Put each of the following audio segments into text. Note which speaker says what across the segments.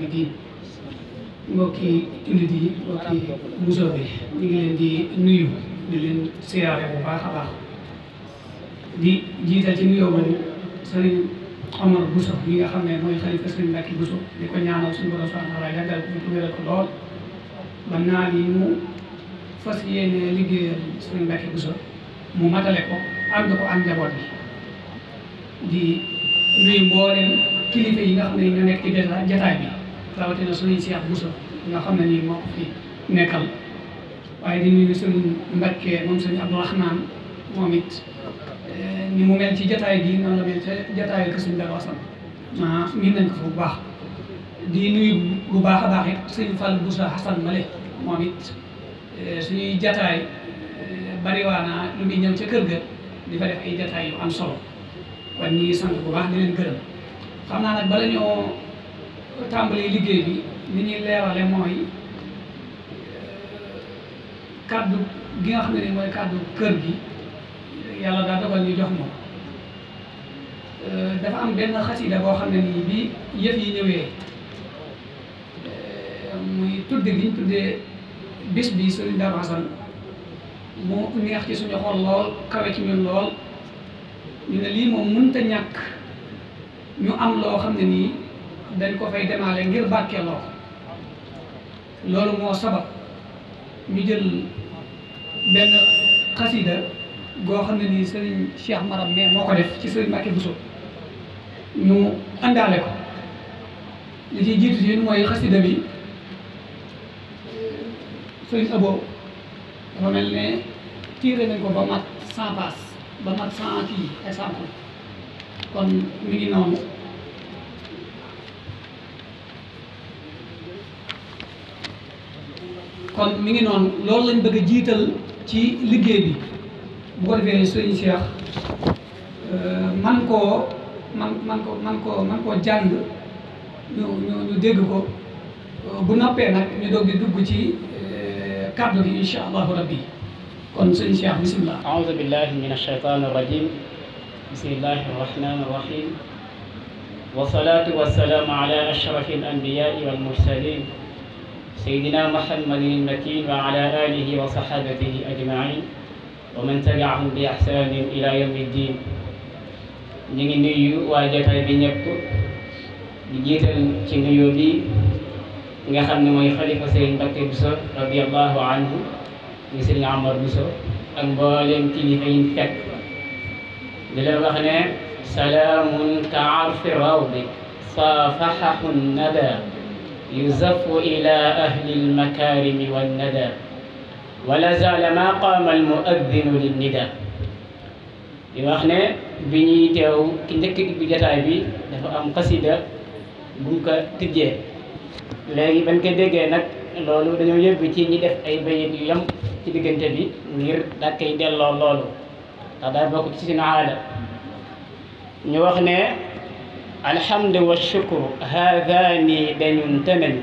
Speaker 1: tedd gi mbokki jullit yi mbokki musoobe ñu ngi leen di nuyu di leen siyaare bu baax a baax di jiital ci nuyoo man sëriñ Omar Bousso mi nga xam ne mooy xalifa sëriñ Mbacke Bousso di ko ñaanal suñu borom subhanahu wa taala yàggal ko ko yi mu fas am njaboot bi di nuyu mbooleem kilifa yi nga xam ne ñu nekk ci jataay bi rawatina suñuy Seex Buso nga xam ne nii moom ko fi nekkal waaye di nuyu suñu Mbakke moom suñu Abdu Rahmaan moom it eh, ni mu mel ci jataay bi noonu la mel ca jataay ko suñu Daaru Asan baax di nuyu bu baax a baax it suñu Fall Buso Hasan Male moom it eh, suñuy jataay eh, bariwaana lu ngi ñëw ca kër ga di fa def ay jataay yu am solo kon ñi sant bu baax di leen xam naa nag bala tàmbalee liggéey bi ni ñuy leerale mooy euh, kàddu gi nga xam ne ni mooy kàddu kër gi yàlla daa dogal ñu jox moom euh, dafa am benn xasida boo xam ne nii bi yëf yi ñëwee euh, muy tudde gi ñu tuddee bis bi sëriñ Darou Assane moo neex ci suñu xol lool kawe ci ñun lool ñu ne lii moom mënta ñàkk ñu am loo xam ne nii dañ ko fay demaale ngir barkeeloo loolu moo sabab ñu jël benn xasida goo xam ne nii sëriñ Cheikh Maram mais moo ko def ci seen Mbacke Bousso ñu àndaale ko li ciy jiitu si mooy xasida bi sëriñ Abo dafa ne tiire nañ ko ba mat cent pass ba mat cent kii kon mi ngi noonu kon mi ngi noonu loolu lañ bëgg a jiital ci liggéey bi bu ko defee sëriñ Cheikh euh, man koo man man ko man koo man koo jàng ñu ñu ñu dégg ko euh, bu noppee nag ñu doog di dugg ci euh, kàddu gi insha allahu rabbi kon sëriñ Cheikh bisimilah
Speaker 2: aoudu billahi min alcheytan arrajim bismillahi arrahmani arrahim wa salaatu wa salaamu ala ashrafi al anbiyaai wal mursalin سيدنا محمد المكين وعلى آله وصحابته أجمعين ومن تبعهم بإحسان إلى يوم الدين نيجي نيو واجتا بي نيبو نيجيتال سي نيو بي نيغا خامني موي خليفه سيدنا بكر بصر رضي الله عنه ني سيدنا عمر بصر اك بولم كليفه ين تك دلا سلام تعرف روضك صافحه النبى يزف إلى أهل المكارم والندى ولا زال ما قام المؤذن للندى di wax ne bi ñuy teew ki njëkk bi jataay bi dafa am xasida bu mu ko tijjee léegi bañ ko déggee nag loolu dañoo yëbb ci ñi def ay bayit yu yem ci diggante bi ngir daa koy delloo loolu ndax daa bokk ci seen aada ñu wax ne الحمد والشكر هذان دنيون تمن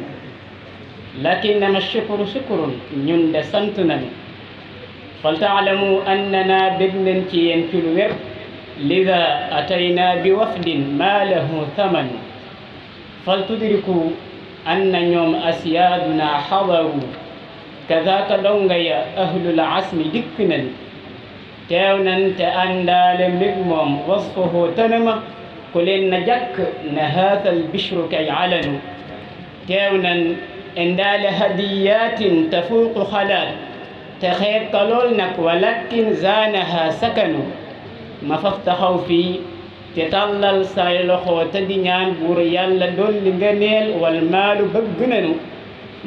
Speaker 2: لكنما الشكر شكر نند سنتنا فلتعلموا أننا بدن تين في لذا أتينا بوفد ما له ثمن فلتدركوا أن يوم أسيادنا حضروا كذاك لونغي أهل العصم دكنا تاونا تأندا لمجمم وصفه تنمه kulen na jak na hathal bishru kay alanu tewnan indala hadiyatin tafuqu khalal تخير قلول نك ولكن زانها سكنو ما فافتخو في تطلل سايلخو تدنيان بوريان لدول لغنيل والمال بغننو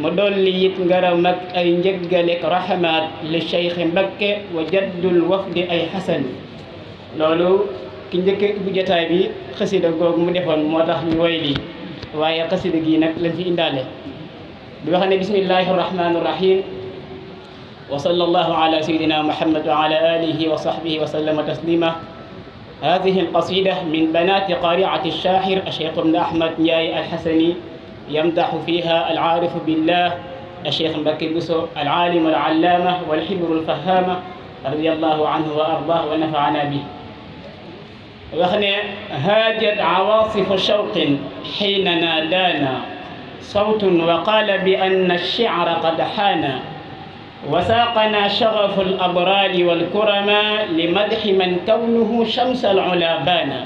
Speaker 2: مدول ليت غرو نك اي نجغلك رحمات للشيخ مبك وجد الوفد اي حسن لولو بسم الله الرحمن الرحيم وصلى الله على سيدنا محمد وعلى آله وصحبه وسلم تسليما هذه القصيدة من بنات قارعة الشاحر الشيخ ابن أحمد نياي الحسني يمدح فيها العارف بالله الشيخ مبكر بسو العالم العلامة والحبر الفهامة رضي الله عنه وأرضاه ونفعنا به وخنا هاجت عواصف شوق حين نادانا صوت وقال بأن الشعر قد حان وساقنا شغف الأبرار والكرماء لمدح من كونه شمس العلا بانا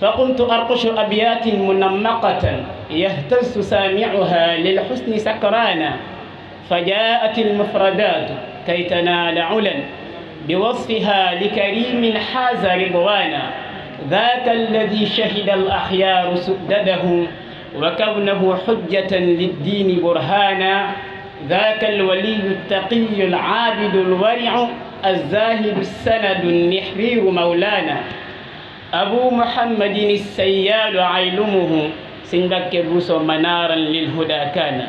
Speaker 2: فقمت أرقش أبيات منمقة يهتز سامعها للحسن سكرانا فجاءت المفردات كي تنال علا بوصفها لكريم حاز رضوانا ذاك الذي شهد الأخيار سدده وكونه حجة للدين برهانا ذاك الولي التقي العابد الورع الزاهد السند النحرير مولانا أبو محمد السيال عيلمه سنبك الرسل منارا للهدى كان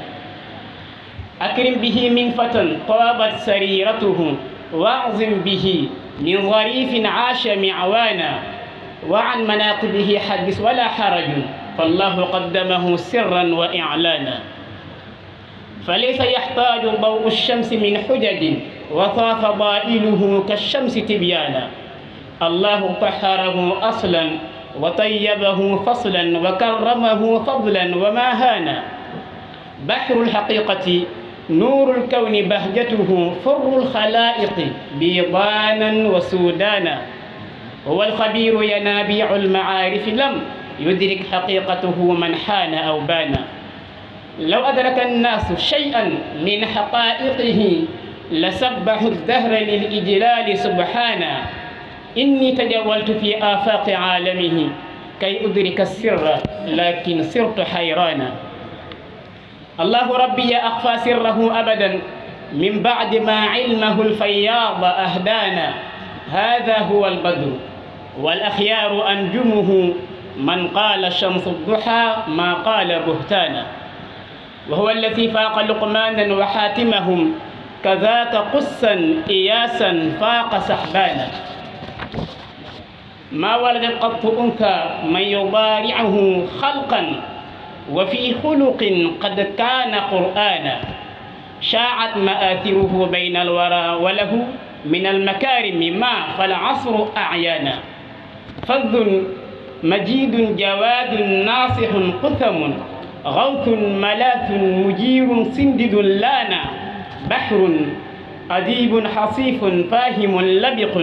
Speaker 2: أكرم به من فتن طابت سريرته واعظم به من ظريف عاش معوانا وعن مناقبه حدث ولا حرج فالله قدمه سرا وإعلانا فليس يحتاج ضوء الشمس من حجج وطاف ضائله كالشمس تبيانا الله طهره أصلا وطيبه فصلا وكرمه فضلا وما هانا بحر الحقيقة نور الكون بهجته فر الخلائق بيضانا وسودانا هو الخبير ينابيع المعارف لم يدرك حقيقته من حان أو بان لو أدرك الناس شيئا من حقائقه لسبحوا الدهر للإجلال سبحانا إني تجولت في آفاق عالمه كي أدرك السر لكن صرت حيرانا الله ربي أخفى سره أبدا من بعد ما علمه الفياض أهدانا هذا هو البدر والأخيار أنجمه من قال شمس الضحى ما قال بهتانا وهو الذي فاق لقمانا وحاتمهم كذاك قسا إياسا فاق سحبانا ما ولدت قط أنثى من يضارعه خلقا وفي خلق قد كان قرآنا شاعت مآثره بين الورى وله من المكارم ما فالعصر أعيانا فذ مجيد جواد ناصح قثم غوث ملاث مجير سندد لانا بحر أديب حصيف فاهم لبق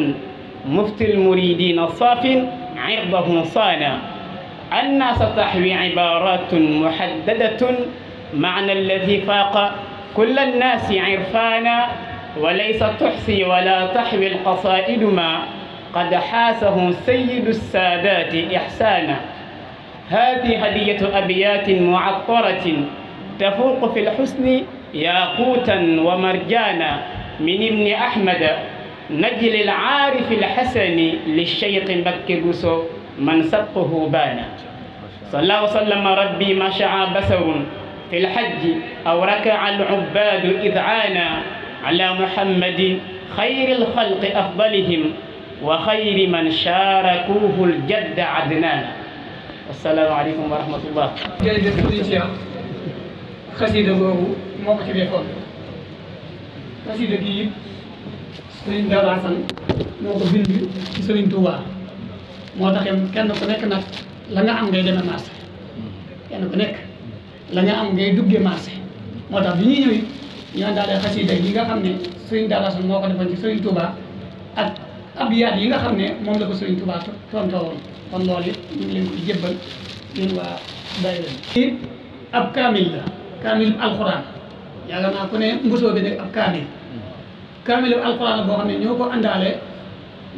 Speaker 2: مفتي المريدين صاف عرضه صانا أن ستحوي عبارات محددة معنى الذي فاق كل الناس عرفانا وليس تحصي ولا تحوي القصائد ما قد حاسه سيد السادات إحسانا هذه هدية أبيات معطرة تفوق في الحسن ياقوتا ومرجانا من ابن أحمد نجل العارف الحسن للشيخ مكي بوسو من سبقه بانا صلى الله وسلم ربي ما شعى بسر في الحج أو ركع العباد إذعانا على محمد خير الخلق أفضلهم وخير من شاركوه الجد عدنان السلام عليكم ورحمة الله
Speaker 1: xasida boobu moo ko ci defoon xasida gi it sëriñ Daaru Asan moo ko bind ci moo tax kenn ku nekk nag la nga am ngay demee marché kenn ku nekk la nga am ngay duggee marché moo tax bi ñuy ñëw ñu àndaale xasida yi nga xam ne Sëriñ Daara Assane moo ko defoon ci Sëriñ Touba ak abiyaat yi nga xam ne moom la ko Sëriñ Touba tontoo woon kon lool it ñu ngi leen koy jébbal ñun ab kaamil la kaamil alxuraan yaakaar naa ku ne mbusoo bi nekk ab kaamil kaamil alxuraan la boo xam ne ñoo ko àndaale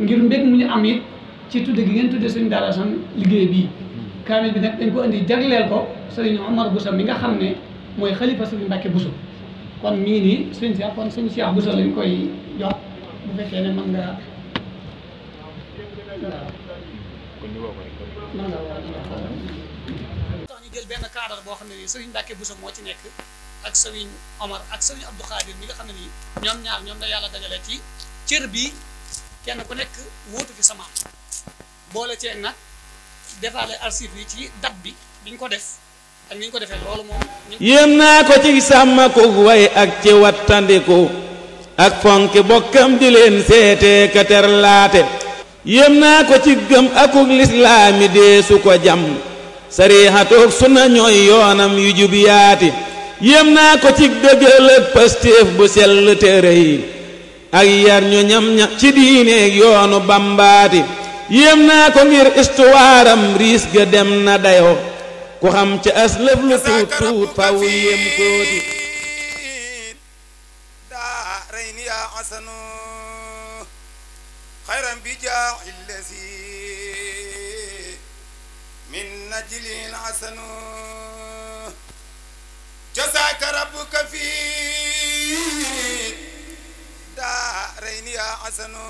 Speaker 1: ngir mbég mu ñu am it ci tudde gi ngeen tudde sëriñ Darou liggéey bi mm-hmm. kaamil bi nag dañ ko indi jagleel ko sëriñ Omar Bousso nga xam ne mooy xalifa sëriñ Mbàkke Bousso kon mii nii sëriñ Cheikh lañ koy jox bu fekkee ne mën nga ñu jël benn cadre boo xam ne nii sëriñ Mbàkke Bousso moo ci nekk ak sëriñ Omar ak sëriñ Abdou Khadir mi ñoom ñaar ñoom la yàlla ci cër bi kenn ku nekk wóotu fi boole cee nag defaale arsif yi ci dab bi biñ ko def ak ko defee loolu moom
Speaker 3: yéem naa ko ci sàmmku way ak ci wattandiku ak fonk bokkam di leen seetee ka terlaate yéem naa ko ci gëm akuk lislaami dee su ko jam sariixatoog sunna ñooy yoonam yu jub yaati yéem naa ko ci dëgël ak pastéef bu sell téere yi ak yar ñu ñam ñam ci diineeg yoonu bambaati yéem naa ko ngir istuwaaram riis ga dem na dayo ku xam ca as lëf lu tuut tuut faw yéem kooti
Speaker 4: daa reyn yaa asanu xayran bi jaa illasi min najlin asanu jasaaka rabbuka fi daa reyn yaa asanu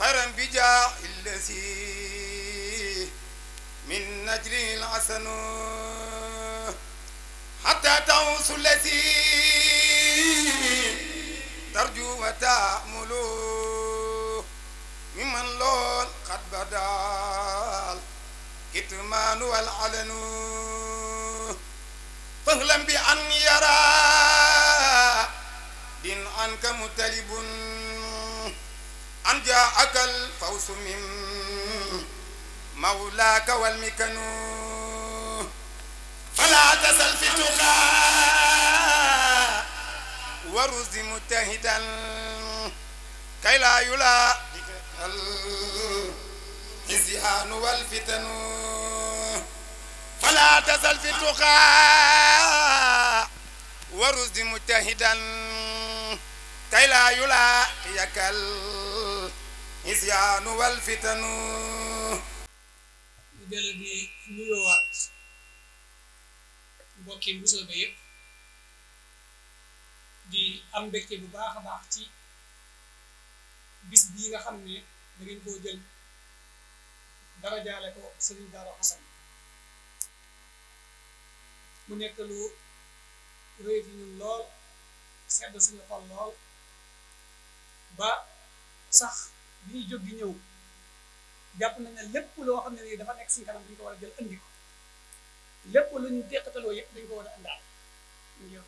Speaker 4: قرن بجاء الذي من نجل العسن حتى توصل الذي ترجو وتأمل ممن لون قد بدا كتمان والعلن فهلا بأن يرى دين عنك متلب جاءك الفوز من مولاك والمكن فلا تزل في تقى ورز متهدا كي لا يلا الزهان والفتن فلا تزل في تقى ورز متهدا كي لا يلاقيك isyaanu wal fitanu
Speaker 1: ñu dellu di nuyoowaat mbokki Mbusoobe yëpp di am mbégte bu baax a baax ci bis bii nga xam ne da ngeen koo jël dara jaale ko Sëriñ Daara Xasan mu nekk lu rëy fi lool sedd suñu xol lool ba sax bi ñuy jóg di ñëw jàpp nañ ne lépp loo xam ne nii dafa nekk suñu kanam dañu ko war a jël andi ko lépp lu ñu deqataloo yëpp dañu ko war a andaal ngir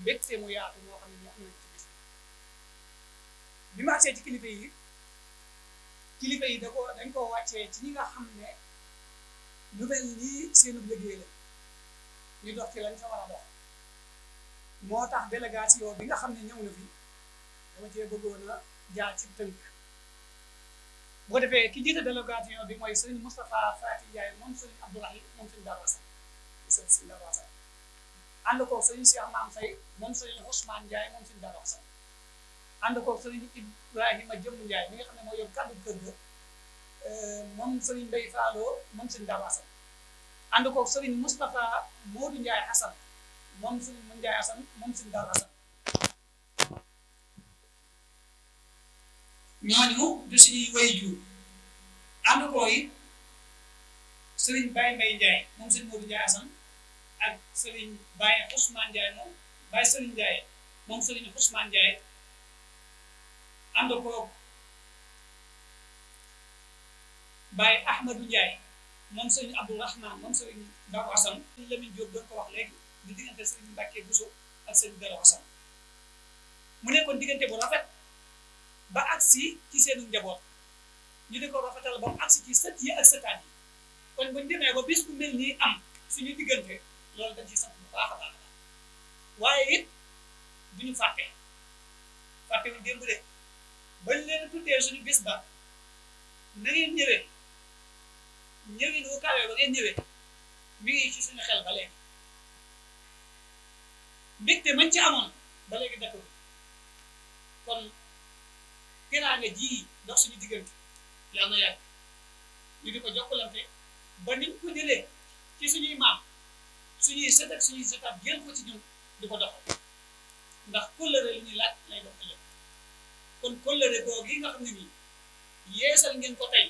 Speaker 1: mbégte mu yaatu moo xam ne ñu am nañ ci bis bi ma agsee ci kilifa yi kilifa yi da ko dañ koo wàccee ci ñi nga xam ne lu mel nii seenu liggéey la ñu dox ci lañ sa war a dox moo tax délégation bi nga xam ne ñëw na fi dama cee bëggoon a jaar ci tënk boo ko defee ki jiite délégation bi mooy sëriñ Moustapha Fati Ndiaye moom sëriñ Abdoulahi moom sëriñ Darou Assane sëriñ si Darou Assane ànd koog sëriñ Cheikh Maam Faye moom sëriñ Ousmane nga xam ne mooy yor kàddu kër ga euh, moom sëriñ Mbaye Fallou moom sëriñ Darou Assane ànd sëriñ Moustapha Modou Ndiaye Assane moom sëriñ Ndiaye Assane moom sëriñ Darou Assane ñooñu du suñuy way jur ànd koo yi sëriñ Baye Mbaye Ndiaye moom sëriñ Modou Ndiaye Assane ak sëriñ Baye Ousmane Ndiaye moom Baye sëriñ Ndiaye moom sëriñ Ousmane Ndiaye ànd koo Baye Ahmadou Ndiaye moom sëriñ Abdou Rahman moom sëriñ Ndaw Assane sëriñ Lamine Diop ko wax léegi di diggante sëriñ Mbacke Bousso ak sëriñ Dara Assane mu nekkoon diggante bu rafet ba agsi ci seenu njaboot ñu di ko rafetal ba mu agsi ci sët yi ak sëtaat yi kon buñ demee ba bis bu mel nii am suñu diggante loolu dañ ci sant bu baax a waaye it duñu fàtte fàtte wuñ démb de bañ leen tuddee suñu bis ba na ngeen ñëwee ñëwin wu kawee ba ngeen ñëwee mi ngi ci suñu xel ba léegi mbégte mañ ci amoon ba léegi dakko kon teraanga ji dox suñu diggante yàlla na yàgg ñu diko ko jokkalante ba ni ko jëlé ci suñu maam suñu sët ak suñuy sëtaat gën ko ci ñu diko dox doxal ndax kóllëre li ñuy laaj lay dox ci kon kóllëre go gi nga xamni ni nii yeesal ngeen ko tay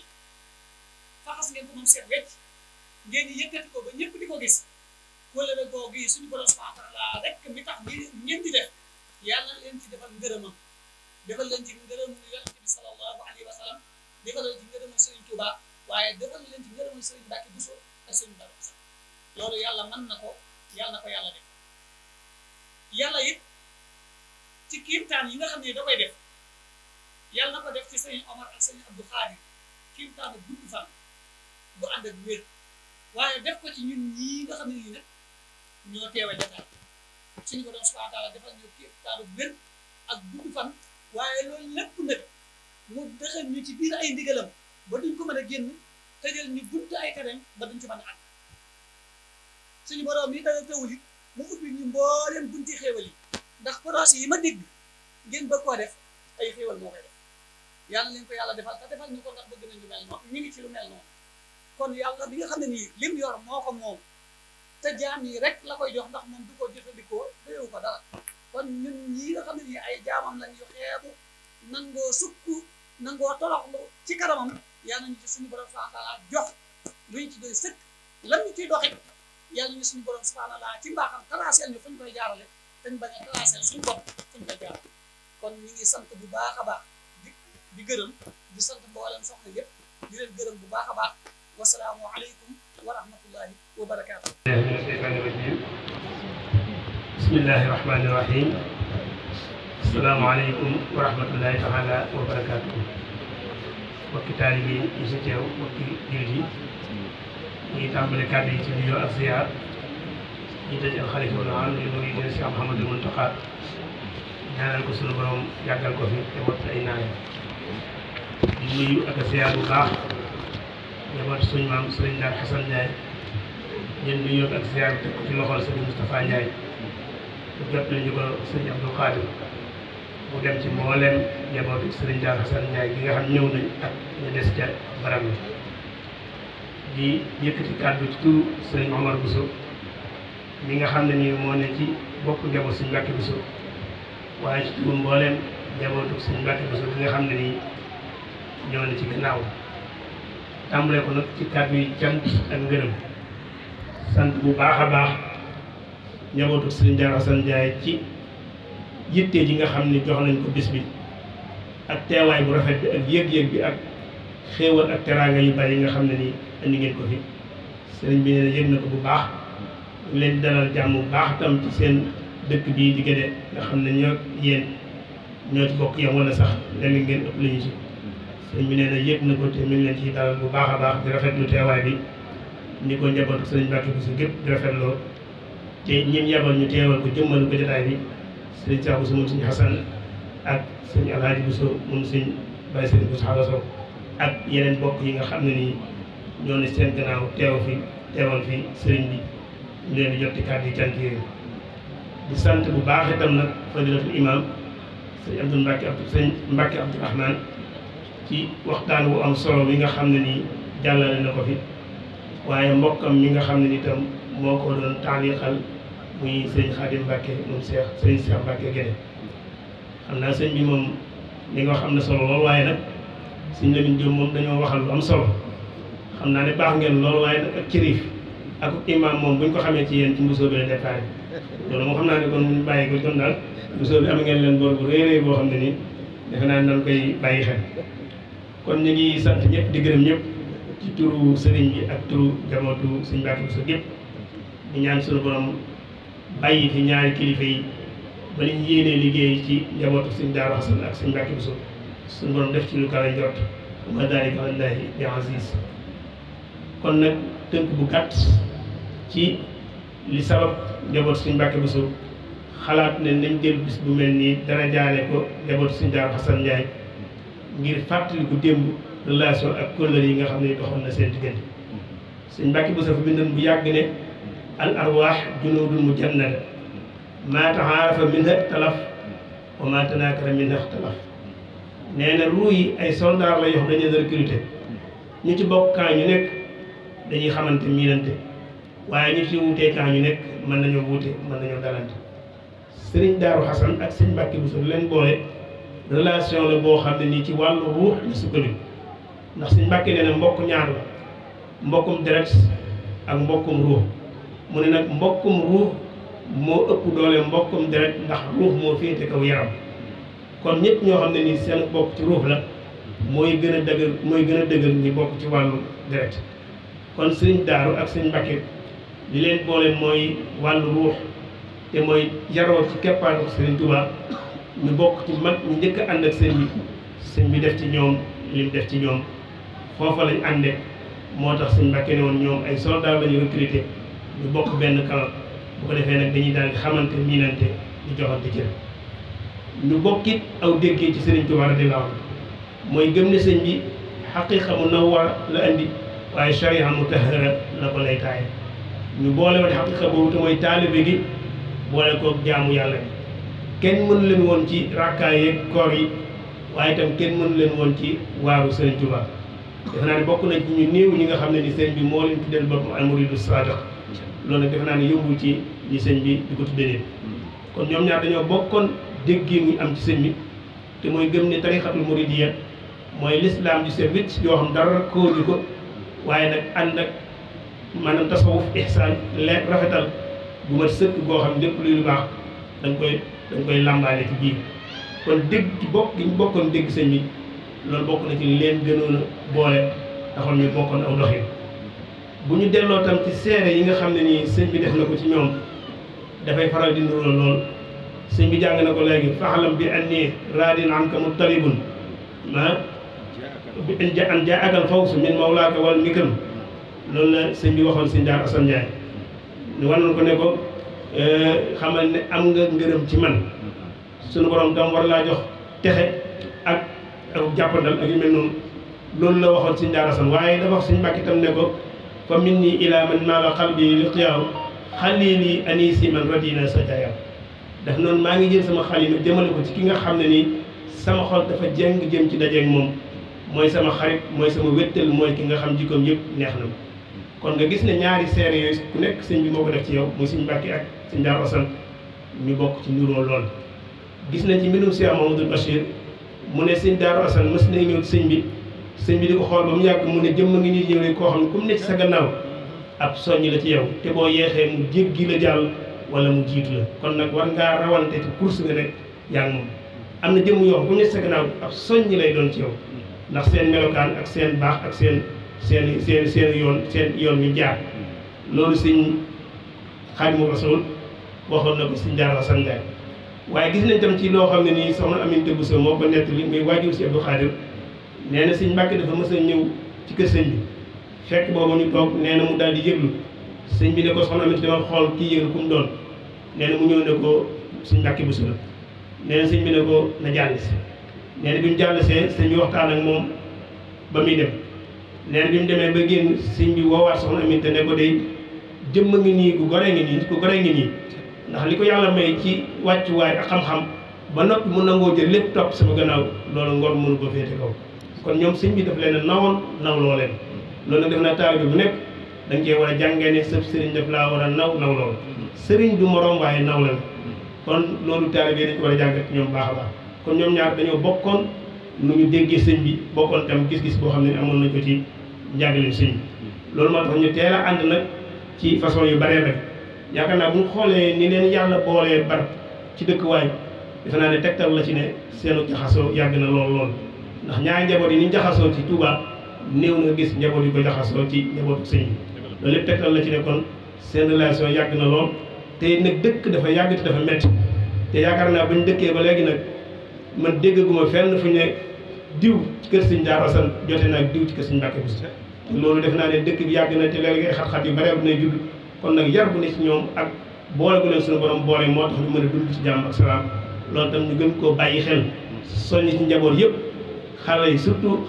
Speaker 1: faxas ngeen ko moom seet wecc ngeen yëkëti ko ba ñëpp di ko gis kóllëre googu yi suñu borom subhanahu wa taala rek mi tax ngeen di def yàlla leen ci defal ngeerama defal leen ci ngërëmu yonent bi sallallahu alayhi wa defal leen ci ngërëmu Serigne Touba waaye defal leen ci ngërëmu Serigne Mbacke Bousso ak loolu yàlla mën na ko yàlla na ko yàlla def yàlla it ci kiimtaan yi nga xam ne da koy def yàlla na ko def ci Serigne Omar ak Serigne Abdou Khadir kiimtaanu gudd bu wér waaye def ko ci ñun ñii nga xam ne nii nag ñoo teewe jotaay suñu ko doon subhaana taala defal ñu kiimtaanu wér ak gudd fan. waaye loolu lépp nag mu dexal ñu ci biir ay ndigalam ba duñ ko mën a génn tëjal ñu buntu ay tereñ ba duñ ci mën a àgg suñu borom yi dara tawul it mu ubbi ñu mbooleem bunti xéewal yi ndax projet yi ma dégg ngeen ba koo def ay xéewal moo koy def yàlla nañ ko yàlla defal te defal ñu ko ndax bëgg nañ lu mel noonu ñu ngi ci lu mel noonu kon yàlla bi nga xam ne nii lim yor moo ko moom te jaam yi rek la koy jox ndax moom du ko jëfandikoo doyewu ko dara. kon ñun ñii nga xam ne nii ay jaamam lañ yu xeebu nangoo sukk nangoo toroxlu ci kanamam yal nañu ci suñu borom subhana taala jox luñ ci doy sëkk lan ñu ciy doxe yal nañu suñ borom subhana taala ci mbaaxam tracé ñu fu ñu koy jaarale te ñu bañ a tracé suñu bopp fu ñu jaarale kon ñu ngi sant bu baax a baax di di gërëm di sant mboolem soxna yëpp di leen gërëm bu baax a baax wasalaamu aleykum wa rahmatullahi wa barakaatu.
Speaker 5: بسم الله الرحمن الرحيم السلام عليكم ورحمة الله تعالى وبركاته وكتالي يسجيو وكي جلدي يتعمل كابي تبيو الزيار يدج الخليفة العام يبوي جلسي عم حمد المنتقى نانا الكسر بروم يعقل الكوفي يموت أي نايا يبوي أكسيا بقاح يموت سنمام سنين دار حسن جاي ينبيو أكسيا بتكتي مخلص المصطفى جاي jot nañu ko sëñ Abdou Khadim mu dem ci mbooleem njabootu sëriñ Daaru Hasan Njaay gi nga xam ñëw nañ ak ñu des ca barab yi di yëkkati kàddu ci tur sëriñ Omar Bousso mi nga xam ne nii moo ne ci bokk njaboot sëñ Mbàkke Bousso waaye ci bi nga xam ne nii ñoo ne ci gannaaw tàmbale ko nag ci kàddu yi cant ak ngërëm sant bu baax a baax njabootu sëriñ Darou Assane Ndiaye ci yitte ji nga xam ni jox nañ ko bis bi ak teewaay bu rafet bi ak yëg-yëg bi ak xéewal ak teraanga yu bari yi nga xam ne nii andi ngeen ko fi sëriñ bi nee na bu baax leen dalal jàmm bu baax tam ci seen dëkk bii di Guédé xam ne ñoo yéen ñoo bokk yam sax léeg ngeen lañu ci sëriñ bi nee na yëg na ko te mi ngi leen ci dalal bu baax a baax di rafet lu teewaay bi ni ko njabootu sëriñ Mbacke bi si gépp di rafetloo te ñim yebal ñu teewal ko jëmmal ko jotaay bi sëriñ Cheikh Bousso moom sëriñ Xasan ak sëriñ Alhaaji Bousso moom sëriñ Baye Sëriñ Bousso Xasan ak yeneen bokk yi nga xam ne nii ñoo ne seen gannaaw teew fi teewal fi sëriñ bi ñu leen di jotti yi cant yooyu di sant bu baax itam nag fadilatul imam sëriñ Abdou Mbacke Abdou sëriñ Mbacke Abdou Rahman ci waxtaan wu am solo wi nga xam ne nii jàllale na ko fi waaye mbokkam mi nga xam ne nii itam moo ko doon taaliqal muy sëriñ Xaadim Mbàkke moom Seex sëriñ Seex Mbàkke Guèye xam naa sëñ bi moom li nga wax am na solo lool waaye nag sëñ Lamin Jóob moom dañoo waxal lu am solo xam naa ne baax ngeen lool waaye nag ak kilifa ak imaam moom buñ ko xamee ci yéen ci mbusoo bi la déparé loolu moo xam naa ne kon ñu bàyyi ko kon daal mbusoo bi am ngeen leen bor bu boo xam ne nii defe naa nan koy bàyyi xel kon ñu ngi sant ñëpp di gërëm ñëpp ci turu sëriñ bi ak turu jamootu sëñ Mbàkke bàyyi fi ñaari kilifa yi ba liñ yéenee liggéey ci njabootu sëñ Daaru Xasan ak sëñ Mbàkke Buso suñ borom def ci lu kawe njort wa daalika alallaahi bi aziz kon nag tënk bu gàtt ci li sabab njabootu sëñ Mbàkke Buso xalaat ne nañ jël bu mel nii dara jaale ko njabootu sëñ Daaru Xasan Njaay ngir fàttali ku démb relation ak kóllëre yi nga xam ne doxoon na seen diggante sëñ Mbàkke Buso fa bindoon bu yàgg ne al arwaax junuudul mujannada maa taxaarafa minha talaf wa maa tanaakara minha talaf nee na ruu ay soldaar la yox dañu recruté ñu ci bokk kaa ñu nekk dañuy xamante miinante waaye ñu ci wutee kaa ñu nekk mën nañoo wuute mën nañoo dalante sëriñ Daaru Xasan ak sëriñ Mbàkke Buso leen boole relation la boo xam ne nii ci wàllu ruux la sukkandiku ndax sëriñ Mbàkke nee na mbokk ñaar la mbokkum deret ak mbokkum ruux mu ne nag mbokkum ruux moo ëpp doole mbokkum deret ndax ruux moo féete kaw yaram kon ñëpp ñoo xam ne nii seen bokk ci ruux la mooy gën a dëgër mooy gën a dëgër ñi bokk ci wàllu deret kon sëriñ daaru ak sëriñ Mbàkke li leen boole mooy wàllu ruux te mooy yaroo ci keppaaru sëriñ Tuubaa ñu bokk ci mag ñu njëkk ànd ak sëriñ bi sëriñ bi def ci ñoom ñu mu def ci ñoom foofa lañ ànde moo tax sëriñ Mbàkke ne ñoom ay soldat lañu recruté ñu bokk benn kanam bu ko defee nag dañuy daan xamante miinante di joxante cër ñu bokkit aw déggee ci sëriñ Tuubaa radiyallaahu anhu mooy gëm ne sëñ bi xaqiiqa mu nawwara la andi waaye sharia mutahhara la ko lay ñu boole woon xaqiiqa boobu gi boole koog jaamu yàlla bi kenn mënu leen woon ci rakkaay yeeg koor yi waaye itam kenn mënu leen woon ci waaru sëriñ Tuubaa defe naa ne bokk na ci ñu néew ñi nga xam ne ni sëriñ bi moo leen tuddeel boppam al muridu saadiq loolu nag defe naa ne yëngu ci ñi sëñ bi di ko tuddee kon ñoom ñaar dañoo bokkoon déggin ñi am ci sëñ bi te mooy gëm ne tarixatul muridiyya mooy lislaam di service yoo xam dara kooju ko waaye nag ànd ak maanaam tasawuf ihsaan leen rafetal bu mat sëkk goo xam lépp luy lu baax dañ koy dañ koy làmbaale ci biir kon dégg ci bokk gi ñu bokkoon dégg sëñ bi loolu bokk na ci leen gënoon a boole taxoon ñu bokkoon aw doxin bu ñu delloo tam ci seere yi nga xam ne nii sëñ bi def na ko ci ñoom dafay faral di niroo lool sëñ bi jàng na ko léegi faxalam bi anni raadin anka muttalibun mu bi an jaa akal fawsu min mawlaaka wal bi waxoon sëñ Daar Assane Ndiaye ko ne ko euh, xamal ne am nga ngërëm ci man suñu borom tam war laa jox texe ak ak jàppandal ak yu mel noonu loolu la waxoon sëñ Daar Assane waaye dafa wax sëñ Mbàkke tam ne ko فمني إلى من مال قلبي لقياه خليني أنيسي من ردينا سجايا ده نون ما نجيل سما خالي ما جمال كنت كينا خامنني سما خالد فجيم جيم كده جيم مم موي سما خالد موي سما ويتل موي كينا خام جيكم يب نحن كون غيس نياري سيريوس كنك سين بي موكو داك سي يو مو سين باكي اك سين دار اوسان مي بوك سي نورو لول غيس نتي مينو سي محمود البشير مو ني سين دار اوسان بي sëñ bi di ko xool ba mu yàgg mu ne jëmm ngi ñuy ñëwee koo xam ne comme ne ci sa gannaaw ab soññ la ci yow te boo yeexee mu jéggi la jàll wala mu jiitu la kon nag war ngaa rawante ci course nga nekk yaa moom am na jëmm yoo xam comme ne ci sa gannaaw ab soññ lay doon ci yow ndax seen melokaan ak seen baax ak seen seen seen seen yoon seen yoon mi jaar loolu sëñ Xaadimu Rasuul waxoon na ko si Jaara Asan Njaay waaye gis nañ tam ci loo xam ne nii soxna Amin Dëgg Sow moo ko nettali muy nee na sëñ Mbàkke dafa mës a ñëw ci kër sëñ bi fekk boobu ñu toog nee na mu daal di yëglu sëñ bi ne ko soxna amit dama xool kii yëglu ku mu doon nee na mu ñëw ne ko sëñ Mbàkke Buso la nee na sëñ bi ne ko na jàll si nee na bi mu jàll see sëñ bi waxtaan ak moom ba muy dem nee bi mu demee ba génn sëñ bi woowaat soxna amit te ne ko day jëmm ngi nii ku gore ngi nii ku gore ngi nii ndax li ko yàlla may ci wàccuwaay ak xam-xam ba noppi mu nangoo jël lépp topp sama gannaaw loolu ngor mënu ko féete kaw kon ñoom sëñ bi daf leen nawoon nawloo leen loolu nag def naa taalibe bu nekk dañ cee war a jàngee ne sëb sëriñ daf laa war a naw nawloo sëriñ du morom waaye naw la kon loolu taalibe dañ ko war a jàngat la baax a baax kon ñoom ñaar dañoo bokkoon nu ñu déggee sëñ bi bokkoon tam gis-gis boo xam ne amoon na ko ci njàngaleem sëñ bi loolu moo tax ñu teel a ànd nag ci façon yu baree rek yaakaar naa bu ñu xoolee ni leen yàlla boolee barab ci dëkkuwaay defe naa ne tegtal la ci ne seenu jaxasoo yàgg na lool lool ndax ñaari njaboot yi ni jaxasoo ci Touba néew na gis njaboot yi ko jaxasoo ci njabootu sëñ bi loolu ci ne seen relation yàgg na lool te nag dëkk dafa yàgg te dafa métti te yaakaar naa buñ dëkkee ba léegi nag man déggaguma fenn fu ñu ne diw kër sëñ Daaru Asan jote naa diw ci kër sëñ Mbàkke Buso loolu def naa ne dëkk bi yàgg na te léeg-léeg ay xat-xat yu bare bu nay judd kon nag yar bu ne ci ñoom ak boole gu leen suñu borom boole moo tax ñu mën a dund ci jàmm ak salaam loolu tam ñu gën koo bàyyi xel soññ ci njaboot yëpp xale yi surtout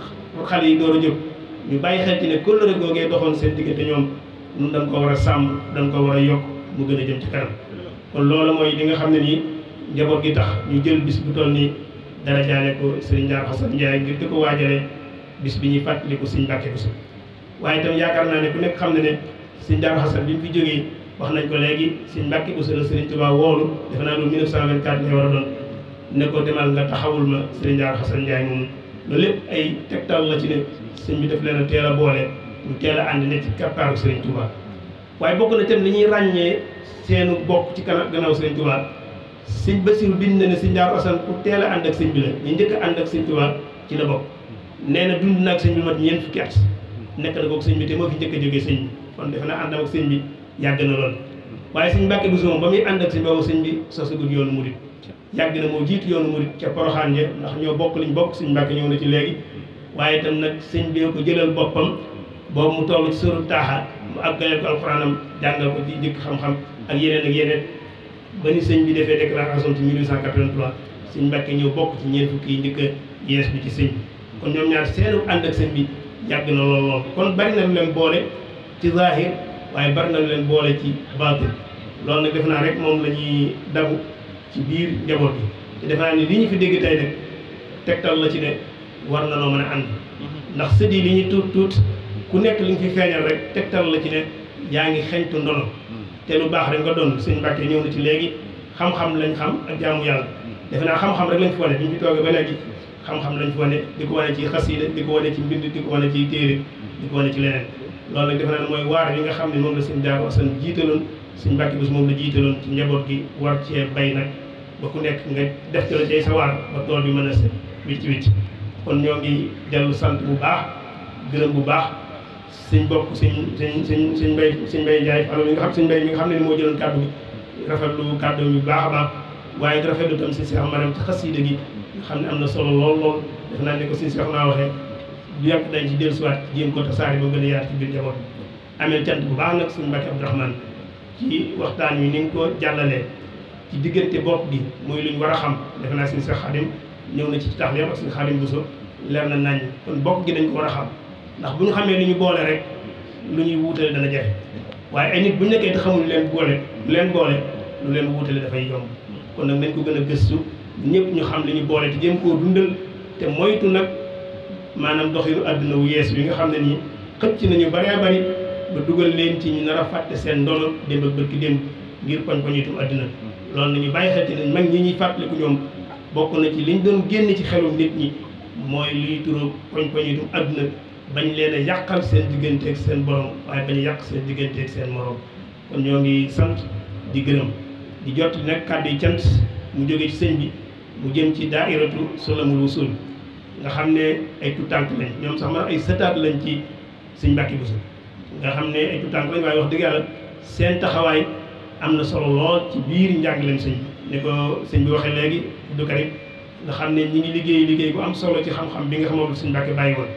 Speaker 5: xale yi door a jóg ñu bàyyi xel ci ne kóllëre googee doxoon seen diggante ñoom ñun dañ ko war a sàmm dañ ko war a yokk mu gën a jëm ci kanam kon loolu mooy li nga xam ne nii njaboot gi tax ñu jël bis bu toll nii dara jaale ko sëriñ Ndiar Xasan Ndiaye ngir di ko waajalee bis bi ñuy fàttaliku sëriñ Mbàkke Buso waaye itam yaakaar naa ne ku nekk xam ne ne sëriñ Ndiar Xasan bi mu fi jógee wax nañ ko léegi si Mbàkke Buso la sëriñ Tuubaa woolu defe naa loolu 1924 ne war ko demal nga taxawul ma sëriñ Ndiar Xasan Ndiaye loolu lépp ay tegtal la ci ne sëñ bi def leen a teel a boole ñu ànd ne ci kappaaru Sëriñ Tuubaa waaye bokk na tam li ñuy ràññee seenu bokk ci kanam gannaaw Sëriñ Tuubaa sëñ Basiru bind na ne sëñ Daaru Asan ku bi la ñu njëkk a ànd ak la bokk nee na dund naag sëñ bi mat ñeent fukki at nekk na koog sëñ bi te moo fi njëkk a jógee sëñ bi kon defe naa àndam ak sëñ bi yàgg na lool waaye sëñ Mbàkke Buso moom ba muy ànd ak sëñ boobu sëñ bi sosagul yoonu murit yàgg na moo jiitu yoonu murit ca poroxaan ja ndax ñoo bokk liñ bokk suñ mbàkk ñoo na ci léegi waaye itam nag sëñ bi ko boppam boobu mu toll ci suru taaxa mu àggale ko alxuraanam jàngal ko ci jëkk ak yeneen ak yeneen sëñ bi defee déclaration ci 1883 suñ mbàkk ñëw bokk ci ñeent fukki njëkk a bi ci sëñ kon ñoom ñaar seenu ànd ak sëñ bi yàgg na lool lool kon bari na lu leen boole ci zaahir waaye bari na lu leen boole ci baatin loolu nag def naa rek moom la ñuy dabu ci biir njaboot yi te defe ni li ñu fi dégg tey nag tegtal la ci ne war na noo mën a ànd mhm. ndax sët yi li tuut tuut ku nekk li ñu fi feeñal rek tegtal la ci ne yaa ngi xeñtu ndono mhm. te lu baax rek nga doon sëñ Mbàkke ñëw na ci léegi xam-xam lañ xam ak jaamu yàlla mhm. defe naa xam-xam rek lañ fi wane bi ñu fi toogee ba léegi xam-xam lañ fi wane di ko wane ci xasiida di ko wane ci mbind di ko wane ci téere di ko wane ci leneen loolu nag defe mooy waar yi nga xam ne moom la sëñ Daaru Asan jiitaloon sëñ Mbàkke bis moom la jiitaloon ci njaboot gi war cee bay nag ba ku nekk nga def ci la cay sawar ba tool bi mën a set wicc wicc kon ñoo ngi dellu sant bu baax gërëm bu baax suñ bokk suñ suñ suñ suñ mbay suñ mbay njaay alors nga xam suñ mbay mi nga xam ne moo jëloon kàddu bi rafetlu kàddu bi baax a baax waaye di rafetlu tam si si am maanaam ci xasida gi nga xam ne am na solo lool lool def naa ne ko si si wax naa waxee du yàgg dañ ci dellusiwaat jéem ko tasaare ba gën a yaatu ci biir jamono amee cant bu baax nag suñ mbàkk Abdourahmane ci waxtaan wi ni nga ko jàllalee ci diggante bopp bi muy ñu war a xam defe naa si sa xaadim ñëw na ci tax lépp ak suñu xaadim bu so leer na nañ kon bopp gi dañ ko war a xam ndax bu ñu xamee lu ñu boole rek lu ñuy wuutale dana jafe waaye ay bu ñu nekkee te xamul leen boole leen boole lu leen wuutale dafay yomb kon nag nañ ko gën a gëstu ñëpp ñu xam li ñu boole te jéem koo dundal te moytu nag maanaam doxinu àdduna wu yees bi nga xam ne nii ci nañu baree bari ba dugal leen ci ñu a fàtte seen ndono démb ak bërki démb ngir koñ koñitum àdduna loolu nañu bàyyi xel ci ne mag ñi ñuy fàttaliku ñoom bokk na ci liñ doon génn ci xelum nit ñi mooy luy turu poñ-poñi dum àdduna bañ leen a yàqal seen diggante ak seen borom waaye bañ yàq seen diggante ak seen morom kon ñoo ngi sant di gërëm di jot nag kàddu yi cant mu jóge ci sëñ bi mu jëm ci daairatu sulamul wusul nga xam ne ay tutànk lañ ñoom sax ma ay sëtaat lañ ci sëñ Mbàkke Buso nga xam ne ay tutànk lañ wax dëgg yàlla seen taxawaay am na soloo ci biir njàngaleem sëñ ni ko sëñ bi waxee léegi du karib nga xam ne ñi ngi liggéey liggéey bu am solo ci xam-xam bi nga xam moom sëñ Mbàkke bàyyi woon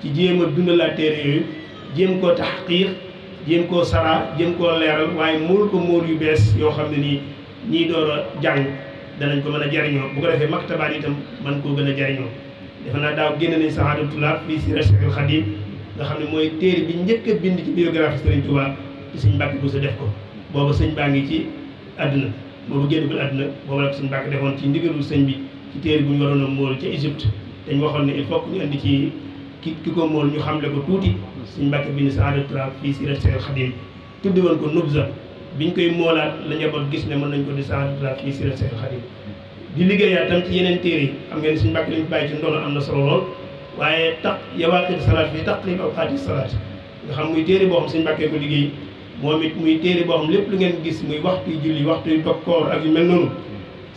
Speaker 5: ci jéem a dundalaat téere yooyu jéem koo taxqiir koo saraa jéem koo leeral waaye móol ko móol yu bees yoo xam ne nii ñiy door jàng danañ ko mën a jariñoo bu ko defee maktabaan itam man koo gën a jariñoo defe naa daaw génn nañ sahaadatu tulaab fii si Rachidul Xadim xam mooy téere bi njëkk a bind ci biographie Sëriñ Tuubaa ci sëñ Mbàkke sa def ko booba sëñ baa ngi ci àdduna booba génnagul àdduna booba la ko sëñ Mbàkke defoon ci ndigalul sëñ bi ci téere bu ñu waroon a móol ca Égypte dañ waxoon ne il faut que ñu indi ci ki ki ko móol ñu xamle ko tuuti sëñ Mbàkke bi ni saada tra fii si ret seen xadim tuddi woon ko nubza biñ koy moolaat la njaboot gis ne mën nañ ko di saada tra fii si ret seen xadim di liggéeyaat tam ci yeneen téere yi xam ngeen sëñ Mbàkke lañu bàyyi ci ndono am na solo waaye tax yawaaqidi salaat fii taqrib awqaati salaat nga xam muy téere boo xam sëñ Mbàkke ko liggéey moom it muy téere boo xam lépp lu ngeen gis muy waxtu yu julli waxtu yu dog ak yu mel noonu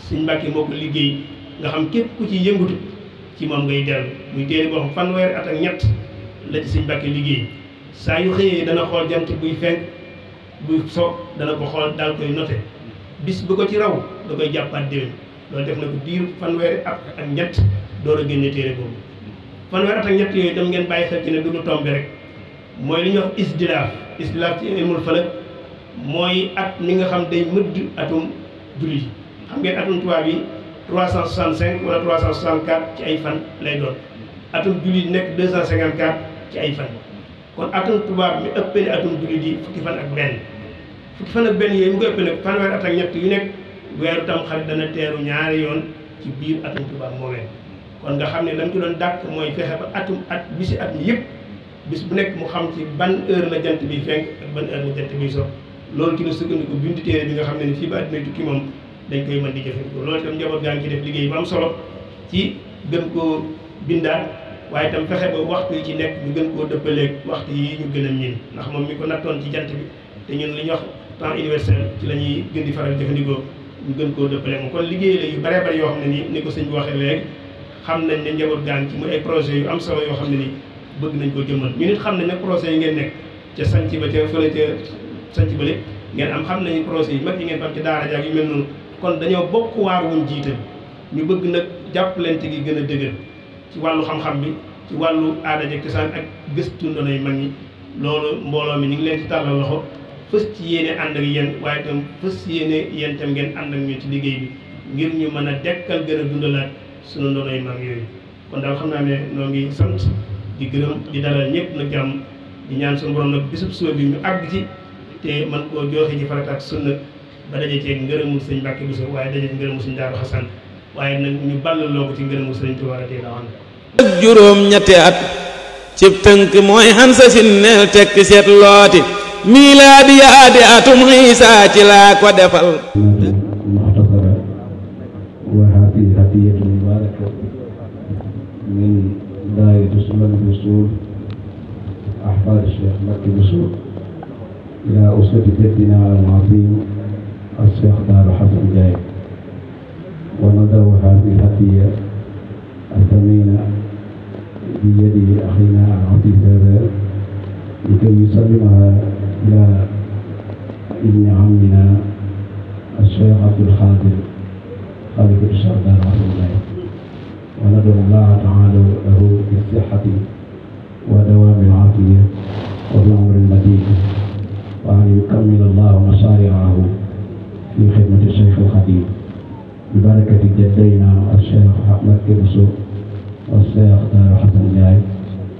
Speaker 5: suñ mbàkke moo ko liggéey nga xam képp ku ci yëngutu ci moom ngay dellu muy téere boo xam fanweer at ak ñett la ci suñ mbàkke liggéey saa yu xëyee dana xool jant buy fenk buy so dana ko xool daal koy noté bis bu ko ci raw da koy jàppaat déwén loolu def na ko diir fanweeri at ak ñett door a génne téere boobu fanweeri at ak ñett yooyu dam ngeen bàyyi xel ci ne du mooy li ñuy wax istilaaf ci ilmul falak mooy at mi nga xam day mëdd atum jullit xam ngeen atum tubaab yi 365 wala 364 ci ay fan lay doon atum jullit nekk 254 ci ay fan kon atum tubaab mi ëppee atum jullit yi fukki fan ak benn fukki fan ak benn yooyu mu ko ëppee nag fanweer at ak ñett yu nekk weeru tam xarit dana teeru ñaari yoon ci biir atum tubaab moomee kon nga xam ne dañ ci doon dàq mooy fexe ba atum at bi si at mi yëpp bis bu nekk mu xam ci ban heure la jant bi fenk ak ban heure la jant bi so loolu ci la sukkandiku bindu téere bi nga xam ne ni fii ba àddina tukki moom dañ koy mën di jëfandikoo loolu itam njaboot gaa ngi ci def liggéey bu am solo ci gën koo bindaat waaye itam fexe ba waxtu yi ci nekk ñu gën koo dëppaleeg waxtu yi ñu gën a ndax moom mi ko nattoon ci jant bi te ñun li ñuy wax temps universel ci la ñuy gën di faral jëfandikoo ñu gën koo dëppaleeg moom kon liggéey la yu bare bare yoo xam ne ni ni ko sëñ bi waxee léegi xam nañ ne njaboot gaa ngi ci mu ay projet yu am solo yoo xam ne nii bëgg nañ ko jëmmal ñu nit xam ne nag projet yi ngeen nekk ca sanc ba ca fële ca sanc ba lépp ngeen am xam nañu projet yi mag yi ngeen fam ci daara jaag yu mel noonu kon dañoo bokk waar wuñ jiital ñu bëgg nag jàppalante gi gën a dëgër ci wàllu xam-xam ci wàllu aada ak cosaan ak gëstu ndonoy mag ñi loolu mbooloo mi ñu ngi leen ci tàllal loxo fës ci yéene ànd yéen waaye itam fës ci yéene ngeen ànd ak ci liggéey bi ngir ñu mën a dekkal gën a dundalaat sunu ndonoy mag yooyu kon daal xam naa ne noo ngi sant di gërëm di dalal ñëpp nag jàmm di ñaan suñu borom nag bisub suba bi ñu àgg ci te man koo jooxe ci farata ak sunna ba daje cee ngërëmul sëñ Mbàkke Buso waaye daje ngërëmul sëñ Daaru Xasan waaye nag ñu bàll loo ko ci ngërëmul sëñ Tuubaa radiyallaahu anhu
Speaker 3: juróom ñetti at ci tënk mooy xan sa sin neel tekk seet looti miilaadi ya di atum Iisaa ci laa ko defal الأصول أحفاد الشيخ مكي بسور إلى أسرة جدنا العظيم الشيخ دار حسن جاي ونضع هذه الهدية الثمينة بيد أخينا العزيز هذا لكي يسلمها إلى ابن عمنا الشيخ عبد الخادم خالد الشيخ شردان رحمه الله وندعو الله تعالى له بالصحة ودوام العافية وبعمر المديد وأن يكمل الله مصارعه في خدمة الشيخ الخطيب ببركة جدينا الشيخ أحمد كبسو
Speaker 2: والشيخ دار حسن جاي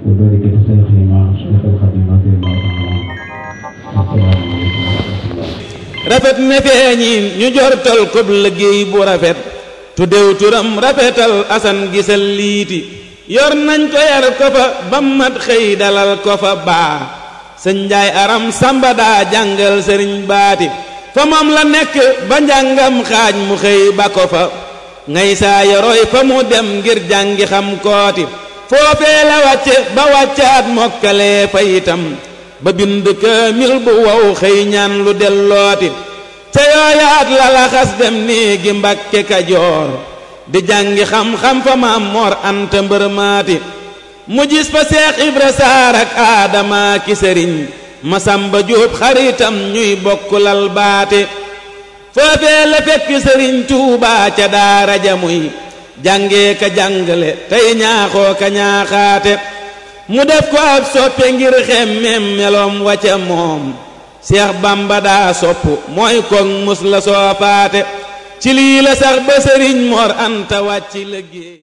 Speaker 2: وبركة شيخنا الشيخ الخطيب رضي الله عنه السلام عليكم
Speaker 3: رفت na feeñiin ñu jortal ورفت تدوت رم رفت الاسن جسليتي yor nañ ko yar ko fa ba mat xëy dalal ko fa baa sëñ aram samba daa jàngal sëriñ baati fa moom la nekk ba njàngam xaaj mu xëy ba ko fa ngay saa yoroy fa mu dem ngir jàngi xam kooti foofee la wàcce ba wàccaat mokkalee fa itam ba bind kaamil bu wow xëy ñaan lu dellooti ca la laxas dem nii gi mbakke kajoor di jàngi xam-xam fa maam Mor Anta mbër mu gis fa Seex Ibra Saar aadama ki sëriñ Masamba Jóob xaritam ñuy bokk lal baati la fekk sëriñ Tuubaa ca daara ja muy ka jàngale tey ñaaxoo ka ñaaxaate mu def ko ab soppe ngir xemmem meloom wacca moom Seex Bamba daa sopp mooy koog mus la soofaate ci lii la sax ba sëriñ Mor Anta wàcc liggéey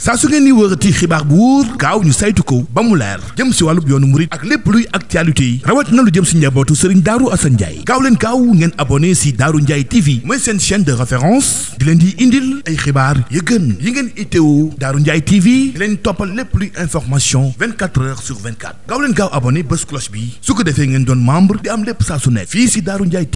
Speaker 3: saa su ngeen di wërati xibaar bu gaaw ñu saytu ko ba mu laar jëm si wàllub yoonu murit ak lépp luy actualité yi rawat na lu jëm si njabootu sëriñ Daaru Asan Njaay gaaw leen gaaw ngeen abonné si Daaru Njaay TV mooy seen chaîne de référence di leen di indil ay xibaar yu yi ngeen itteewu Daaru Njaay TV di leen toppal lépp luy information 24 heures sur 24 gaaw leen bés cloche bi su ko defee ngeen doon membre di am lépp saa su fii si Daaru Njaay